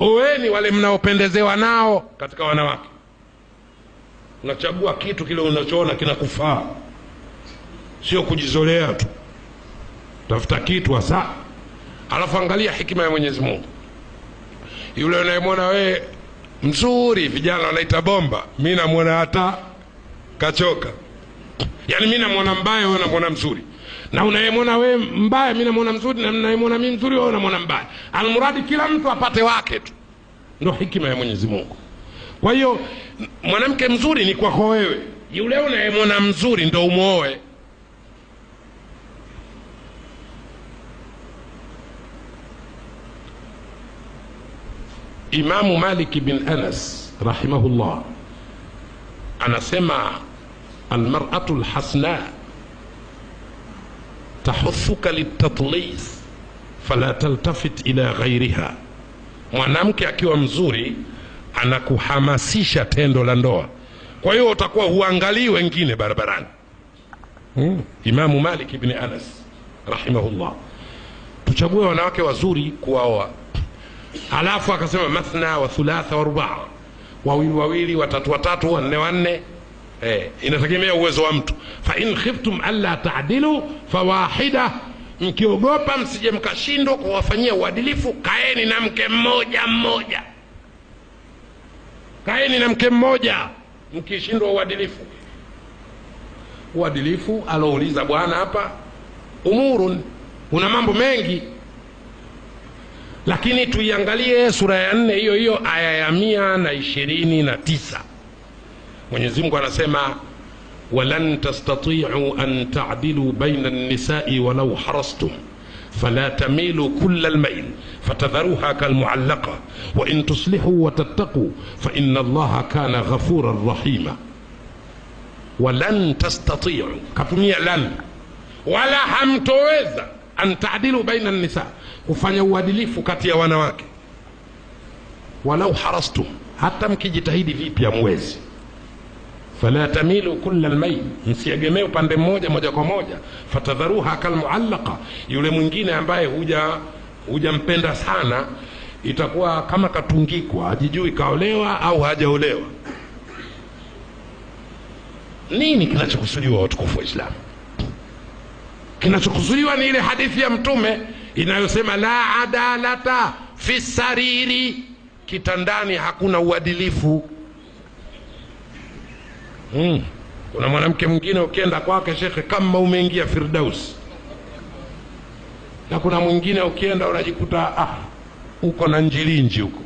oweni wale mnaopendezewa nao katika wanawake unachagua kitu kile unachoona kinakufaa sio kujizolea tu tafuta kitu hasa alafu angalia hikima ya mwenyezi mungu yule unayemwona wewe mzuri vijana wanaita bomba mi namwona hata kachoka yaani mi namwona mbaya we namwona mzuri na unayemwona wewe mbaya mi namwona mzuri na nayemwona mi mzuri wewe unamwona mbaya almuradi kila mtu apate wake tu ndo hikima ya mwenyezi mungu kwa hiyo mwanamke mzuri ni kwako wewe yule unayemwona mzuri ndo umwoe imamu maliki bin anas rahimahullah anasema almaratu lhasna tahuthuka litatlis fala taltafit ila ghairiha mwanamke akiwa mzuri anakuhamasisha tendo la ndoa kwa hiyo utakuwa huangalii wengine barabarani hmm. imamu malik bni anas rahimahullah tuchague wanawake wazuri kuwaoa alafu akasema mathna wa thulatha wa rubaa wawili wawili watatu watatu wanne wanne eh, inategemea uwezo wa mtu. Fa in khiftum alla taadilu fawahida, mkiogopa msije mkashindwa kuwafanyia uadilifu, kaeni na mke mmoja mmoja, kaeni na mke mmoja mkishindwa uadilifu. Uadilifu alouliza Bwana hapa umurun, una mambo mengi lakini tuiangalie sura ya nne hiyo hiyo aya ya mia na ishirini na tisa. Mwenyezi Mungu anasema walan tastati'u an ta'dilu baina an-nisa'i walau harastum fala tamilu kulla al-mail فلا تميلوا كل wa in tuslihu wa tattaqu fa inna Allaha kana غفورا rahima walan tastati'u كتمية lan wala hamtoweza an ta'dilu baina an nisa kufanya uadilifu kati ya wanawake walau harastum hata mkijitahidi vipi amwezi fala tamilu kulla lmail, msiegemee upande mmoja moja kwa moja. Fatadharuha kalmualaqa yule mwingine ambaye huja hujampenda sana, itakuwa kama katungikwa, ajijui kaolewa au hajaolewa. Nini kinachokusudiwa watukufu wa islam Kinachokusudiwa ni ile hadithi ya Mtume inayosema la adalata fi sariri, kitandani hakuna uadilifu mm. kuna mwanamke mwingine ukienda kwake shekhe kama umeingia firdaus na kuna mwingine ukienda unajikuta ah, uko na njilinji huko